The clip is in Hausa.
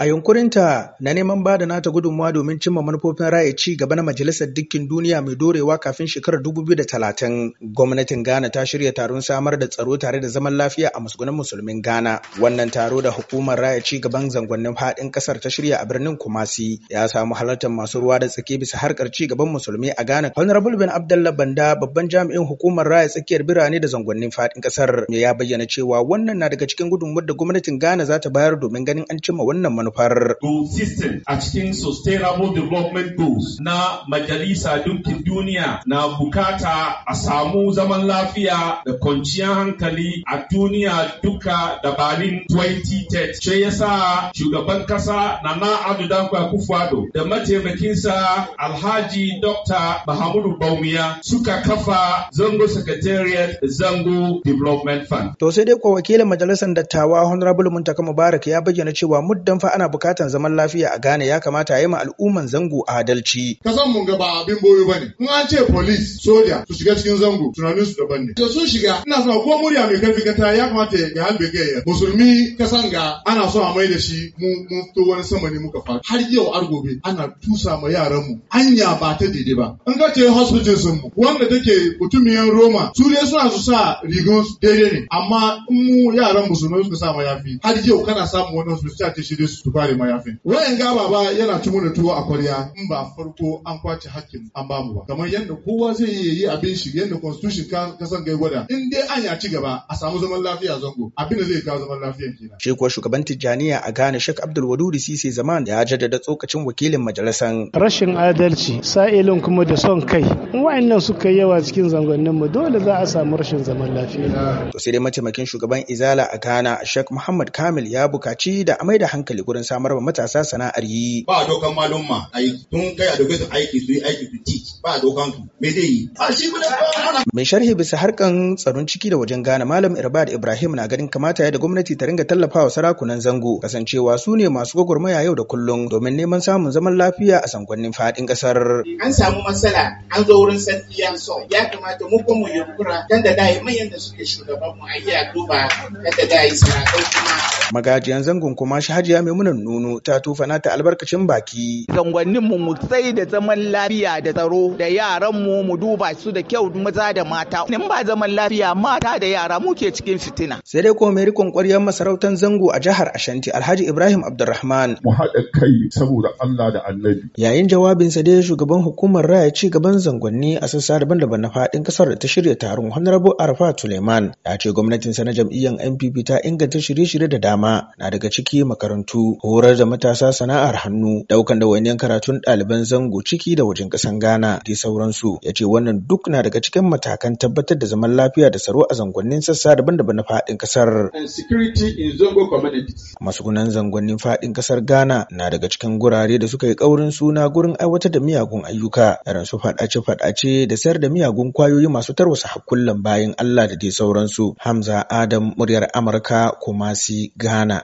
A yunkurinta na neman ba da nata gudunmawa domin cimma manufofin raya ci gaba na Majalisar Dukkin Duniya mai dorewa kafin shekarar talatin. gwamnatin Ghana ta shirya taron samar da tsaro tare da zaman lafiya a musgunan musulmin Ghana. Wannan taro da hukumar raya ci gaban zangonnin fadin kasar, ta shirya a birnin Kumasi ya samu halartar masu ruwa da tsaki bisa harkar ci gaban musulmi a Ghana. Honorable bin Abdullah Banda babban jami'in hukumar raya tsakiyar birane da zangonnin faɗin kasar. ya bayyana cewa wannan na daga cikin gudunmawar da gwamnatin Ghana za ta bayar domin ganin an cimma wannan manufa. manufar. consistent a cikin sustainable development goals na majalisa dinkin duniya na bukata a samu zaman lafiya da kwanciyar hankali a duniya duka dabarin 2030 ce yasa shugaban kasa na na adu dankwa da mataimakinsa alhaji dr bahamudu baumiya suka kafa zango secretariat zango development fund to sai dai wakilin majalisar dattawa honorable muntaka mubarak ya bayyana cewa muddan fa ana bukatan zaman lafiya a Ghana ya kamata a yi ma al'umman zango adalci. Kasan mun ga ba abin boyo bane. In an ce police, soja su shiga cikin zango tunanin su daban ne. Da sun shiga ina son ko murya mai kafi kata ya kamata ya halbe gaya. Musulmi kasan ga ana son a mai da shi mu to wani sama ne muka fara. Har yau a gobe ana tusa ma yaran mu. Anya ba ta daidai ba. In ka ce hospital sun mu wanda take mutumiyan Roma su dai suna su sa rigon daidai ne amma in mu yaran musulmai suka sa ma yafi har yau kana samun wani hospital ta shirye su su ma mayafin wayan gaba ba yana ci mana tuwo a kwarya in ba farko an kwace hakkin an bamu ba kamar yadda kowa zai yi yi abin shi yadda constitution kasan gai gwada in dai an ya ci gaba a samu zaman lafiya zango abin da zai kawo zaman lafiyar kenan shi kuwa shugaban Tijjaniya a Ghana Sheikh Abdul Wadud Sisi Zaman ya jaddada tsokacin wakilin majalisan rashin adalci sa'ilin kuma da son kai in wa'annan suka yi yawa cikin zangonnin mu dole za a samu rashin zaman lafiya to sai dai mataimakin shugaban Izala a Ghana Sheikh Muhammad Kamil ya bukaci da mai da hankali gurin samar wa matasa sana'ar yi. Ba dokan malumma aiki tun kai a dokan su aiki su yi aiki su ci ba dokan su me zai yi. Mai sharhi bisa harkan tsaron ciki da wajen Ghana Malam Irbad Ibrahim na ganin kamata ya da gwamnati ta ringa tallafawa sarakunan zango kasancewa su ne masu gwagwarmaya yau da kullum domin neman samun zaman lafiya a sangonnin fadin kasar. An samu matsala an zo wurin sarki ya so ya kamata mu kuma mu yunkura dan da dai manyan da suke shugaban mu a iya duba dan da dai sarakai kuma. Magajiyan zangon kuma shi Hajiya mai gwamnan nono ta tofa nata albarkacin baki zangonnin mu mu sai da zaman lafiya da tsaro da yaran mu mu duba su da kyau maza da mata in ba zaman lafiya mata da yara muke cikin fitina sai dai kuma rikon ƙwaryar masarautar zango a jihar Ashanti Alhaji Ibrahim Abdulrahman mu haɗa kai saboda Allah da Annabi yayin jawabinsa dai shugaban hukumar raya ci gaban zangonni a sassa daban-daban na faɗin ƙasar da ta shirya taron Honorable Arafat Suleiman ya ce gwamnatinsa na jam'iyyar NPP ta inganta shirye-shirye da dama na daga ciki makarantu horar da matasa sana'ar hannu daukan ɗawainiyar karatun ɗaliban zango ciki da wajen ƙasan ghana da sauransu ya ce wannan duk na daga cikin matakan tabbatar da zaman lafiya da tsaro a zangonnin sassa daban-daban na faɗin ƙasar gunan zangonnin faɗin ƙasar ghana na daga cikin gurare da suka yi ƙaurin suna gurin aiwatar da miyagun ayyuka irin su faɗace-faɗace da sayar da miyagun kwayoyi masu tarwasa hakkullan bayan allah da dai sauransu hamza adam muryar amurka kumasi ghana